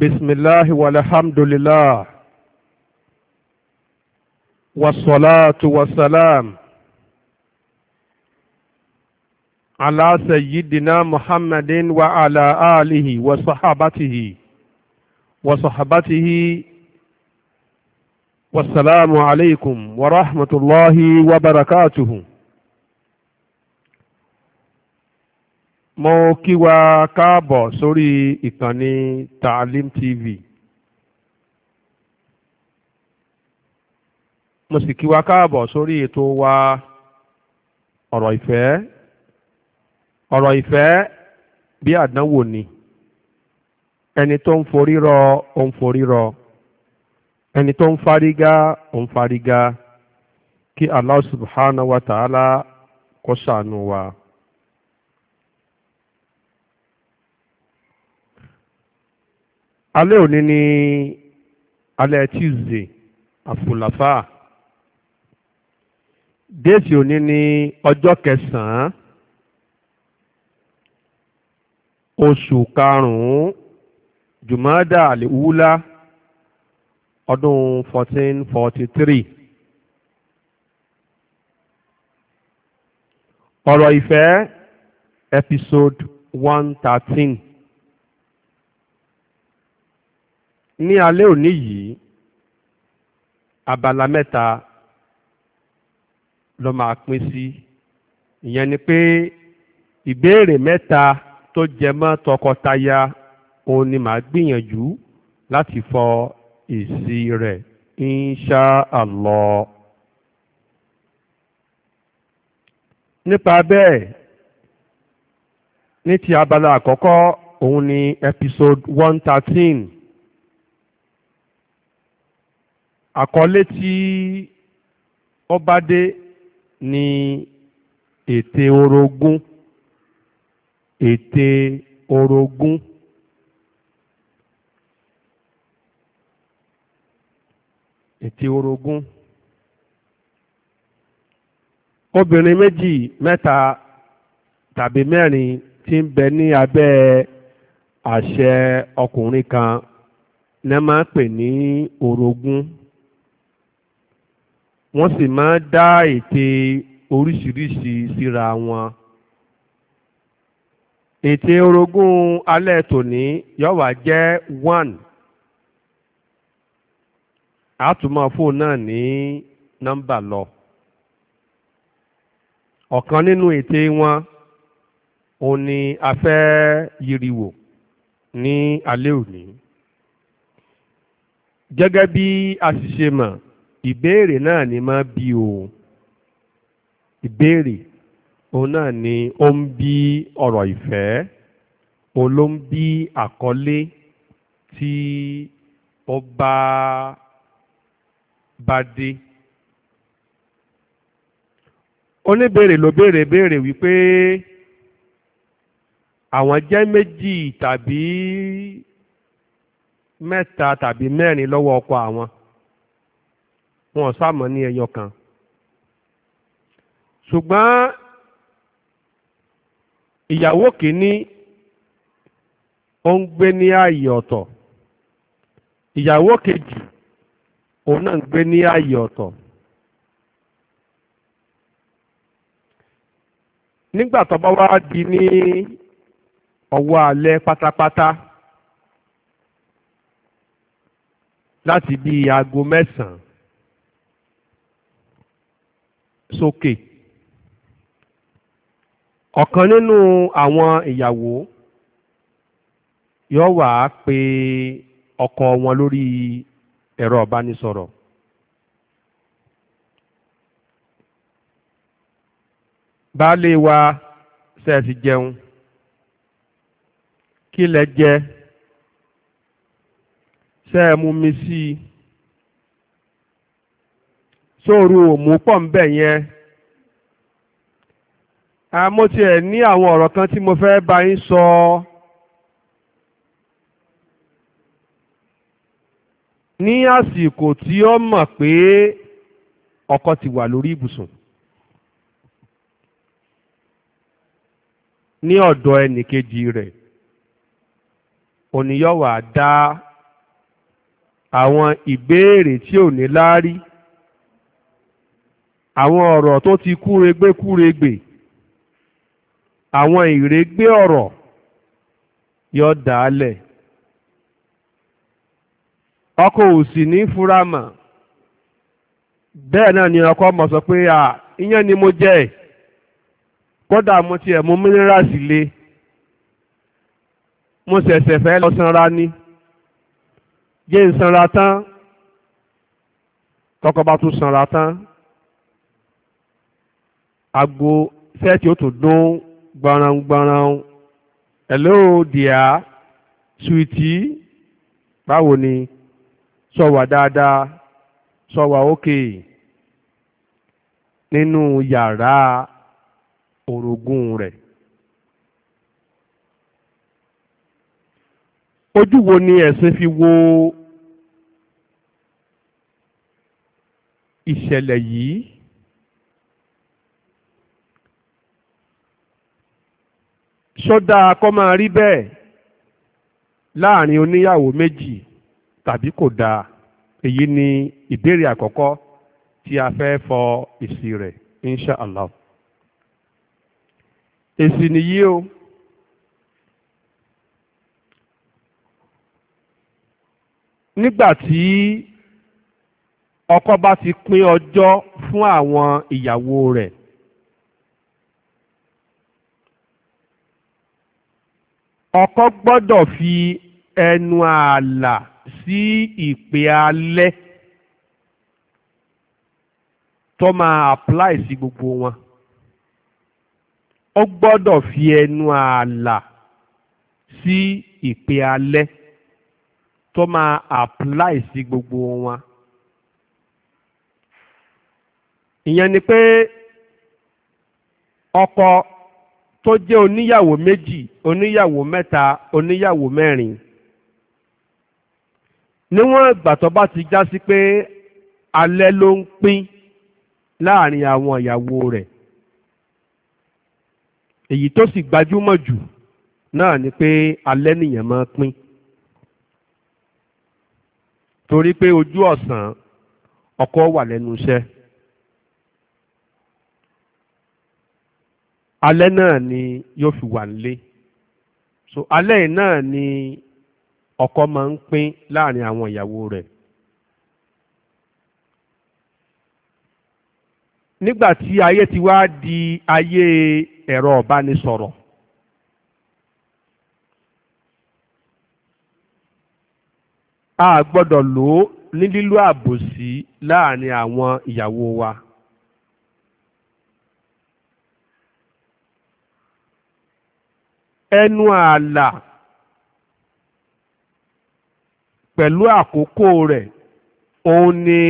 بسم الله والحمد لله والصلاة والسلام على سيدنا محمد وعلى آله وصحابته وصحبته والسلام عليكم ورحمة الله وبركاته mo kí wa káàbọ̀ sórí ìkànnì Taalim TV mo sì kí wa káàbọ̀ sórí ètò wa ọ̀rọ̀ ìfẹ́ ọ̀rọ̀ ìfẹ́ bí àdánwò ni ẹni tó ń forí rọ ó ń forí rọ ẹni tó ń farigá ó ń farigá kí Allah subhanahu wa ta'ala kó ṣàánú wa. alẹ́ òní ni alẹ́ Tuesday àfùlàfà déètì òní ni ọjọ́ kẹsàn-án oṣù karùn-ún jùmọ́dà àlèwúlá ọdún 1443 ọ̀rọ̀ ìfẹ́ episode 113 ní alẹ́ òní yìí abala mẹ́ta ló máa pín sí ìyẹn ni pé ìbéèrè mẹ́ta tó jẹ mọ́ tọkọtaya òun ni màá gbìyànjú láti fọ èsì rẹ̀ insha Allah. nípa bẹ́ẹ̀ ní ti abala àkọ́kọ́ òun ni episode one thirteen àkọlé tí ó bá dé ni ète orogún ète orogún ète orogún obìnrin méjì mẹ́ta tàbí mẹ́rin ti ń bẹ ní abẹ́ àṣẹ ọkùnrin kan ní a máa ń pè ní orogún. wọ́n sì máa ń dá ète oríṣiríṣi síra wọn. ète orogún alẹ́ tòní yọ̀wá jẹ́ one àtúmọ̀ fóònù náà ní nọ́mbà lọ. ọ̀kan nínú ète wọn òun ni a fẹ́ yiriwo ní alẹ́ òní. gẹ́gẹ́ bí a sì ṣe mọ̀ ìbéèrè náà ni máa bí òun ìbéèrè òun náà ni ó ń bí ọ̀rọ̀ ìfẹ́ òun ló ń bí àkọlé tí ó bá bá dé oníbèrè ló béèrè béèrè wípé àwọn jẹ́ méjì tàbí mẹ́ta tàbí mẹ́rin lọ́wọ́ ọkọ àwọn wọn sáàmọ́ ní ẹyọ kan ṣùgbọ́n ìyàwó kìíní ó ń gbé ní ààyè ọ̀tọ̀ ìyàwó kejì òun náà ń gbé ní ààyè ọ̀tọ̀ nígbà tó bá wá di ní ọwọ́ alẹ́ pátápátá láti bíi aago mẹ́sàn sókè ọ̀kan nínú àwọn ìyàwó yóò wá pè ọkọ wọn lórí ẹ̀rọ ìbánisọ̀rọ̀ baálé wa ṣe ti jẹun kí lẹ jẹ ṣe mú mi sí i sóoru òmù pọ̀ ń bẹ̀ yẹn mo tiẹ̀ ní àwọn ọ̀rọ̀ kan tí mo fẹ́ bá yín sọ ní àsìkò tí ó mọ̀ pé ọkọ ti wà lórí ibùsùn ní ọ̀dọ̀ ẹnìkejì rẹ̀ òníyọ̀wà dá àwọn ìbéèrè tí ò ní láárí àwọn ọ̀rọ̀ tó ti kúregbé kúregbè àwọn ìrégbé ọ̀rọ̀ yọ dàálẹ̀ ọkọ ò sì ní fura bẹ́ẹ̀ náà ni ọkọ mọ̀ sọ pé à ìyẹn ni mo jẹ́ ẹ̀ kódà mo tiẹ̀ mú mínírààsì le mo ṣẹ̀ṣẹ̀ fẹ́ lọ sanra ni jẹ́ ń sanra tán tọkọ tún sanra tán agbo sẹ́ẹ̀tì ó tún dún gbaran-gbaran hello dear sweetie báwo ni sọ wà dáadáa sọ wà ókè nínú yàrá orogún rẹ̀. ojú wo ni ẹ̀sìn fi wo ìṣẹ̀lẹ̀ yìí ṣọ́dá kọ́ máa rí bẹ́ẹ̀ láàrin oníyàwó méjì tàbí kò dáa èyí ni ìbéèrè àkọ́kọ́ tí a fẹ́ fọ èsì rẹ̀ insha èsì nìyí o nígbà tí ọkọ bá ti pín ọjọ́ fún àwọn ìyàwó rẹ̀ ọkọ gbọ́dọ̀ fi ẹnu ààlà sí ìpè alẹ́ tó máa apply sí gbogbo wọn ó gbọ́dọ̀ fi ẹnu ààlà sí ìpè alẹ́ tó máa apply sí gbogbo wọn ìyẹn ni pé ọkọ tó jẹ́ oníyàwó méjì oníyàwó mẹ́ta oníyàwó mẹ́rin níwọ̀n ìgbà tó bá ti já sí pé alẹ́ ló ń pín láàrin àwọn ìyàwó rẹ̀ èyí tó sì gbajúmọ̀ jù náà ni pé alẹ́ nìyẹn máa pín torí pé ojú ọ̀sán ọkọ wà lẹ́nu iṣẹ́. alẹ́ náà ni yóò fi wà nílé so alẹ́ yìí náà ni ọkọ máa ń pín láàrin àwọn ìyàwó rẹ̀ nígbà tí ayé ti wá di ayé ẹ̀rọ ìbánisọ̀rọ̀ a gbọ́dọ̀ lò ó ní lílo àbòsí láàrin àwọn ìyàwó wa. ẹnu ààlà pẹ̀lú àkókò rẹ̀ òun ni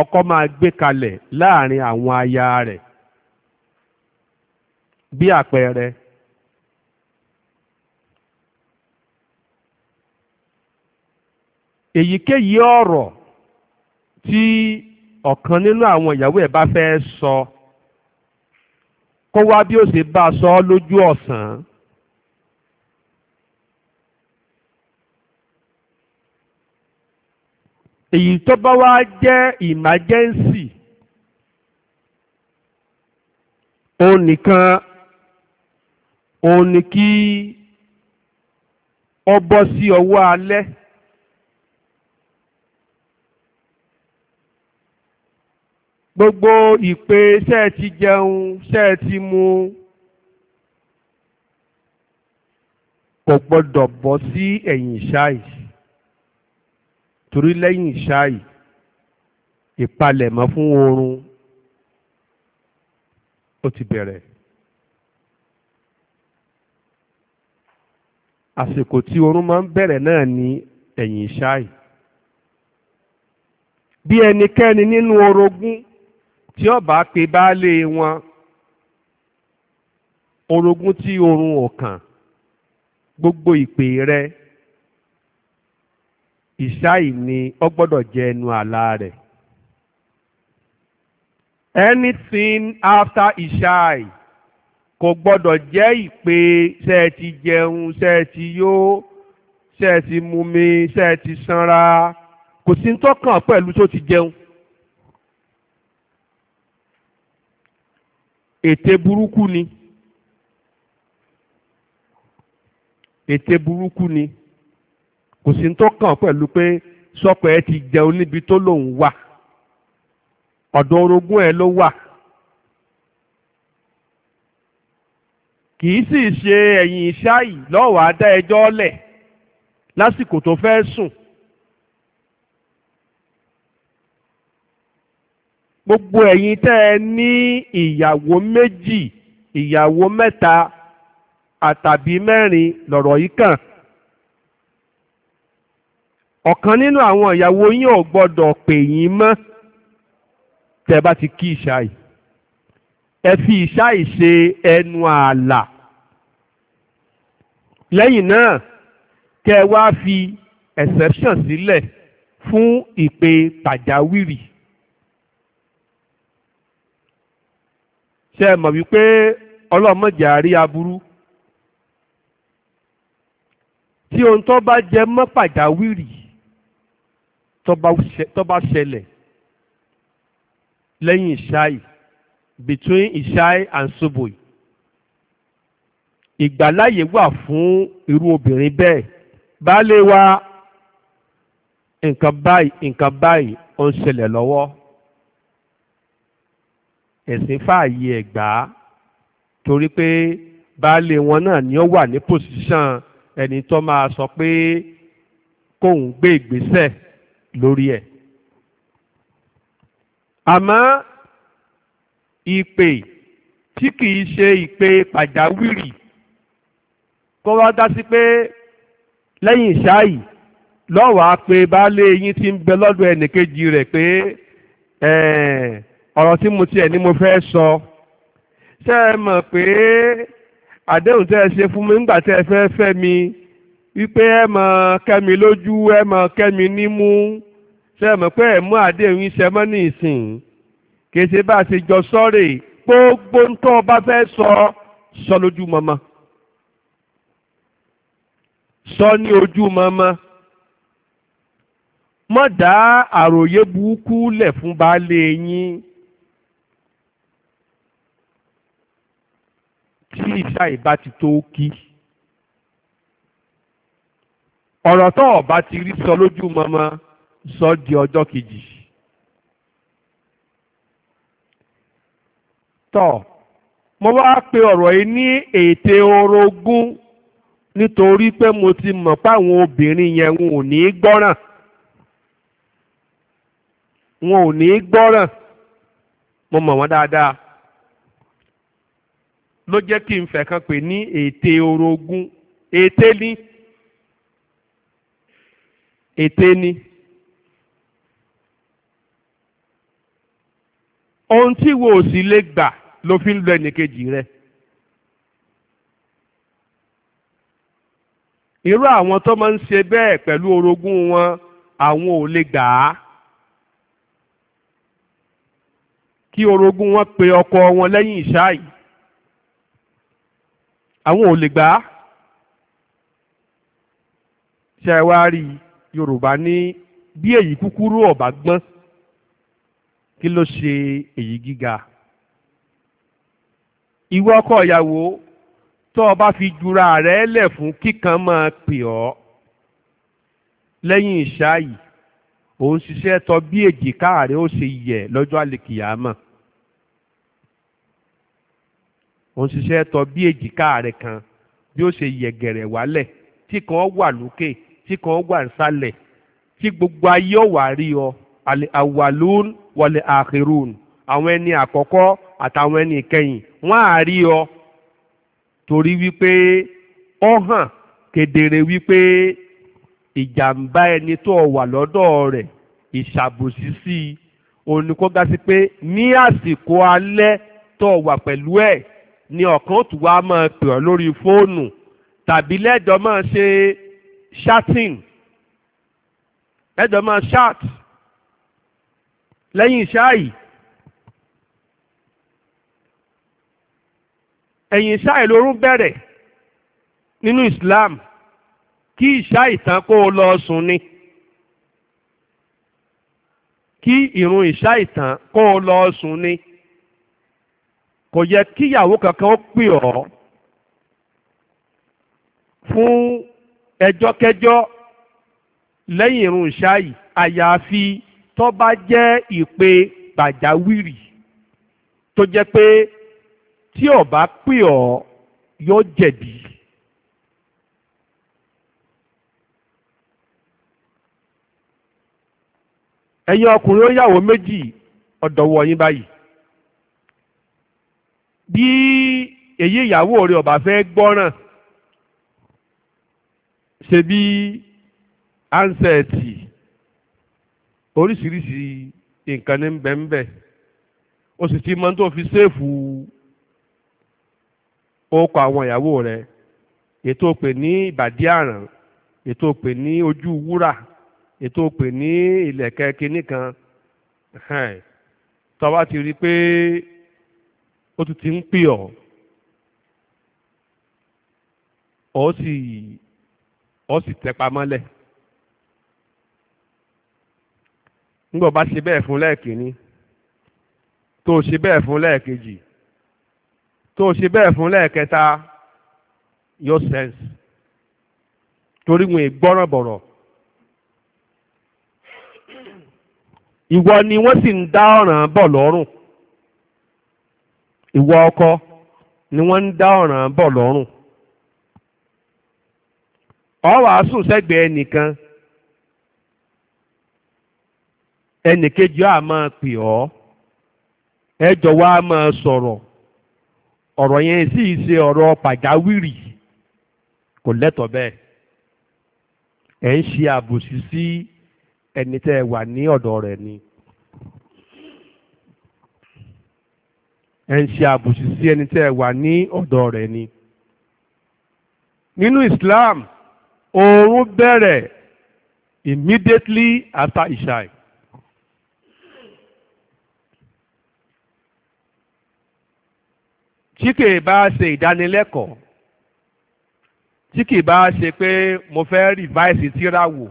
ọkọ máa gbé kalẹ̀ láàrin àwọn aya rẹ̀ bí àpẹẹrẹ èyíkéyìí ọ̀rọ̀ tí ọ̀kan nínú àwọn ìyàwó ẹ̀ bá fẹ́ sọ kó wá bí ó ṣe bá a sọ lójú ọ̀sán. èyí tó bá wá jẹ́ emergency òun nìkan òun ni kí ọ bọ́ sí ọwọ́ alẹ́. gbogbo ìpè ṣe ti jẹun ṣe ti mu kò gbọdọ̀ bọ́ sí ẹ̀yìn ṣáì torí lẹ́yìn ìṣáì ìpalẹ̀mọ́ fún oorun ó ti bẹ̀rẹ̀ àsìkò tí oorun máa ń bẹ̀rẹ̀ náà ní ẹ̀yìn ìṣáì bí ẹnikẹ́ni nínú orogún tí ó pe baálé wọn orogún tí oorun ò kàn gbogbo ìpè rẹ̀ ìṣáì ni ó gbọ́dọ̀ jẹ ẹnu àlá rẹ̀ anything after ìṣáì kò gbọ́dọ̀ jẹ́ ìpè ṣe ẹ ti jẹun ṣe ẹ ti yó ṣe ẹ ti mumi ṣe ẹ ti sanra kò sí ń tọ́kàn pẹ̀lú tó ti jẹun. ète burúkú ni ète burúkú ni. kò sí tó kàn pẹ̀lú pé sọ́kọ ẹ ti jẹun níbi tó lòun wà ọ̀dọ̀ orogún ẹ ló wà kì í sì ṣe ẹ̀yìn ṣáì lọ́wọ́ adá ẹjọ́ lẹ̀ lásìkò tó fẹ́ sùn gbogbo ẹ̀yin tẹ́ ẹ ní ìyàwó méjì ìyàwó mẹ́ta àtàbí mẹ́rin lọ̀rọ̀ yìí kàn. ọ̀kan nínú àwọn ìyàwó yín ò gbọ́dọ̀ pè yín mọ́ tẹ́ bá ti kí ìṣáì ẹ fi ìṣáì ṣe ẹnu ààlà lẹ́yìn náà kẹ́ ẹ wá fi exception sílẹ̀ fún ìpè pàjáwìrì. ṣe mọ̀ wípé ọlọ́mọdé àárí aburú tí ohun tó bá jẹ mọ́ pàjáwìrì tó bá ṣẹlẹ̀ lẹ́yìn ìṣáì between ìṣáì and subui ìgbàláyè wà fún irú obìnrin bẹ́ẹ̀ baálé wa nǹkan báyìí nǹkan báyìí ó ń ṣẹlẹ̀ lọ́wọ́ ẹ̀sìn fààyè ẹ̀gbá torí pé baálé wọn náà ni ó wà ní pòsíṣàn ẹni tó máa sọ pé kóun gbé ìgbésẹ̀ lórí ẹ̀ àmọ́ ìpè tí kìí ṣe ìpè pàjáwìrì kó wá dá sí pé lẹ́yìn ìṣáàyì lọ́wàá pé baálé yín ti ń bẹ lọ́dọ̀ ẹnìkejì rẹ̀ pé ọ̀rọ̀ tí mo tiẹ̀ ni mo fẹ́ sọ ṣé ẹ mọ̀ pé àdéhùn tẹ́ ẹ ṣe fún mi nígbà tẹ́ ẹ fẹ́ fẹ́ mi wípé ẹ mọ kẹmi lójú ẹ mọ kẹmi nímú ṣe mọ pé ẹ mú àdéhùn iṣẹ mọ ní ìsìn kèsì bá a ṣe jọ sọ̀rọ̀ gbogbo ń tọ́ fẹ́ sọ sọ lójú mọ́mọ́ sọ ní ojú mọ́mọ́ mọ́ dá àròyé burúkú lẹ̀ fún baálé yín tí ìṣá ìbá ti tó kí ọ̀rọ̀ tó o bá ti rí sọ lójú mọ́mọ́ sọ di ọjọ́ kejì. tọ́ mo wá pe ọ̀rọ̀ yìí ní ète orogún nítorí pé mo ti mọ̀ páwọn obìnrin yẹn wọn ò ní gbọ́ràn wọn ò ní gbọ́ràn mo mọ̀ wọ́n dáadáa ló jẹ́ kí n fẹ́ kan pè ní ète orogún ète ní ète ni. ohun tí wo ò sì lè gbà ló fi ń lọ ẹnìkejì rẹ. irú àwọn tó máa ń ṣe bẹ́ẹ̀ pẹ̀lú orogún wọn àwọn ò lè gbà á. kí orogún wọn pe ọkọ wọn lẹ́yìn ìṣáì àwọn ò lè gbà á. ṣe wá rí i yorùbá ní bí èyí kúkúrú ọ̀bá gbọ́n kí ló ṣe èyí gíga ìwọ ọkọ ìyàwó tó o bá fi jura rẹ lẹ̀ fún kíkan máa pè ọ́ lẹ́yìn ìṣáàyì ò ń ṣiṣẹ́ tọ bí èjìká rẹ̀ ó ṣe yẹ lọ́jọ́ àlèkìyàmọ̀ ò ń ṣiṣẹ́ tọ bí èjìká rẹ̀ kan bí ó ṣe yẹ gẹ̀rẹ̀ wálẹ̀ tí kan wà lókè tí kan wà nísàlẹ̀ tí gbogbo ayé ọ̀wà rí ọ àwàlún wọlé àkèrún àwọn ẹni àkọ́kọ́ àtàwọn ẹni ìkẹyìn wọ́n á rí ọ torí wípé ọ hàn kedere wípé ìjàmbá ẹni tó wà lọ́dọ̀ rẹ̀ ìṣàbòsí sí i òun ni kó ga sí pé ní àsìkò alẹ́ tó wà pẹ̀lú ẹ̀ ni ọ̀kan òtún wa máa pè ọ́ lórí fóònù tàbí lẹ́jọ́ máa ṣe shatin ẹjọ máa shat lẹ́yìn ṣáàyì ẹ̀yìn ṣáàyì lórun bẹ̀rẹ̀ nínú Islam kí ìṣáàyì tán kó o lọ sùn ni kí ìrun ìṣáàyì tán kó o lọ sùn ni kò yẹ kíyàwó kankan ó pè ọ́ fún ẹjọ́kẹjọ́ lẹ́yìn irun ṣáì àyàfi tó bá jẹ́ ìpè pàjáwìrì tó jẹ́ pé tí ó bá pè ọ́ yóò jẹ̀bi. ẹ̀yin ọkùnrin ó yàwó méjì ọ̀dọ̀ wọ̀ yín báyìí bí èyí ìyàwó rẹ̀ ó fẹ́ gbọ́ràn ṣe bí ansẹ́ẹ̀tì oríṣiríṣi nǹkan ní bẹ́ńbẹ́ o sì ti mọ tó fi ṣéèfù ọkọ̀ àwọn ìyàwó rẹ̀ ètò pè ní ìbàdí àràn ètò pè ní ojú wúrà ètò pè ní ìlẹ̀kẹ̀ kinní tọ́wá ti rí i pé ó tún ti ń pè ọ́ ọ́ sì. Ọ sì tẹpa mọ́lẹ̀ ńgbọ̀ bá ṣe bẹ́ẹ̀ fún lẹ́ẹ̀kínní tó o ṣe bẹ́ẹ̀ fún lẹ́ẹ̀kejì tó o ṣe bẹ́ẹ̀ fún lẹ́ẹ̀kẹta your sense torí wọn ìgbọ́ràn bọ̀rọ̀ ìwọ ni wọ́n sì ń dá ọ̀ràn bọ̀ lọ́rùn ìwọ ọkọ ni wọ́n ń dá ọ̀ràn bọ̀ lọ́rùn ọ wàá sùn sẹ́gbẹ̀ẹ́ ẹnìkan ẹnìkejì á máa pè ọ́ ẹ jọ wá máa sọ̀rọ̀ ọ̀rọ̀ yẹn sì ṣe ọ̀rọ̀ pàjáwìrì kò lẹ́tọ̀ọ́ bẹ́ẹ̀ ẹ̀ ń ṣe àbòsí sí ẹni tẹ́ ẹ wà ní ọ̀dọ̀ rẹ̀ ni ẹ̀ ń ṣe àbòsí sí ẹni tẹ́ ẹ wà ní ọ̀dọ̀ rẹ̀ ni nínú Islam oorun bẹ̀rẹ̀ immediately after Ishai. tí kì í bá ṣe ìdánilẹ́kọ̀ọ́ tí kì í bá ṣe pé mo fẹ́ rìváìsì tíra wò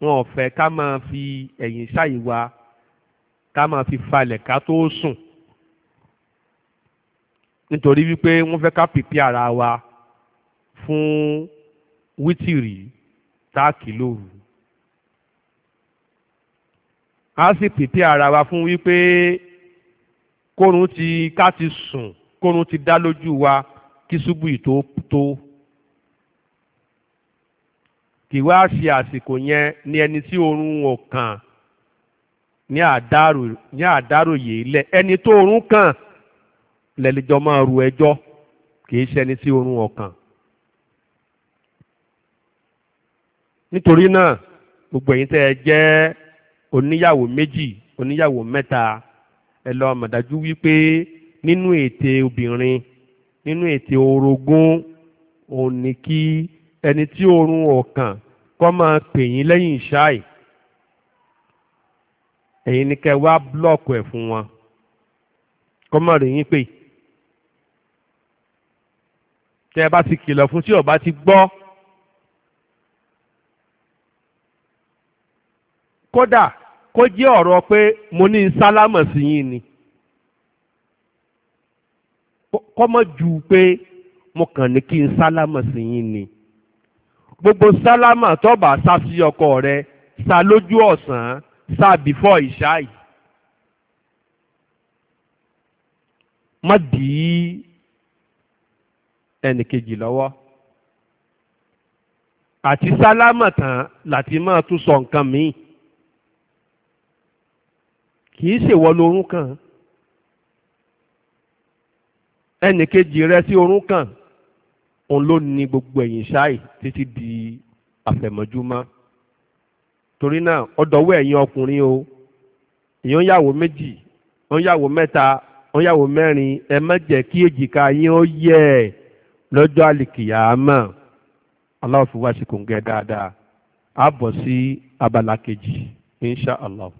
wọn ò fẹ́ ká máa fi ẹ̀yìn ṣàyíwá ká máa fi falẹ̀ ká tó sùn nítorí wípé wọ́n fẹ́ ká pìpì ara wa fún wítìrì táàkì lóru a sì pèpè ara wa fún wípé kórun ti ká ti sùn kórun ti dá lójú wa kí ṣubú ìtó tó kì wá ṣe àsìkò yẹn ní ẹni tí oorun ò kàn ní àdárò ní àdárò yìí lẹ ẹni tó oorun kàn lẹ́lẹ́jọ́ máa ru ẹjọ́ kì í ṣẹni tí oorun ò kàn. nítorí náà gbogbo ẹ̀yin tẹ́ ẹ jẹ́ oníyàwó méjì oníyàwó mẹ́ta ẹ lọ mọ̀ dájú wípé nínú ète obìnrin nínú ète orogún òun ni kí ẹni tí oorun ọ̀kàn kọ́ máa pè yín lẹ́yìn ṣáì ẹ̀yin ni kẹ́ wá búlọ̀kù ẹ̀ fún wọn kọ́ máa rè yín pè tẹ́ ẹ bá ti kìlọ̀ fún tí ó ti gbọ́. kódà kó jẹ́ ọ̀rọ̀ pé mo ní sálámọ̀ sí yín ni kọ́mọ́ ju pé mo kàn ní kí n sálámọ̀ sí yín ni gbogbo sálámà tó bá sá sí ọkọ rẹ sá lójú ọ̀sán sá bífọ́ ìṣáì má dì í ẹnìkejì lọ́wọ́ àti sálámà tán láti máa tún sọ nǹkan míì kì í ṣèwọ lorún kàn ẹnìkejì rẹ sí orún kàn òun ló ní gbogbo ẹ̀yìn ṣáì títí di àfẹ̀mọ́júmọ́ torí náà ọ̀dọ̀wọ́ ẹ̀yin ọkùnrin o èèyàn yàwó méjì wọ́n yàwó mẹ́ta wọ́n yàwó mẹ́rin ẹ má jẹ́ kí èjìká yín ó yẹ̀ lọ́jọ́ àlìkìyàmọ́ aláwọ̀ fi wá sí kòǹgẹ́ dáadáa á sí abala kejì insha allah.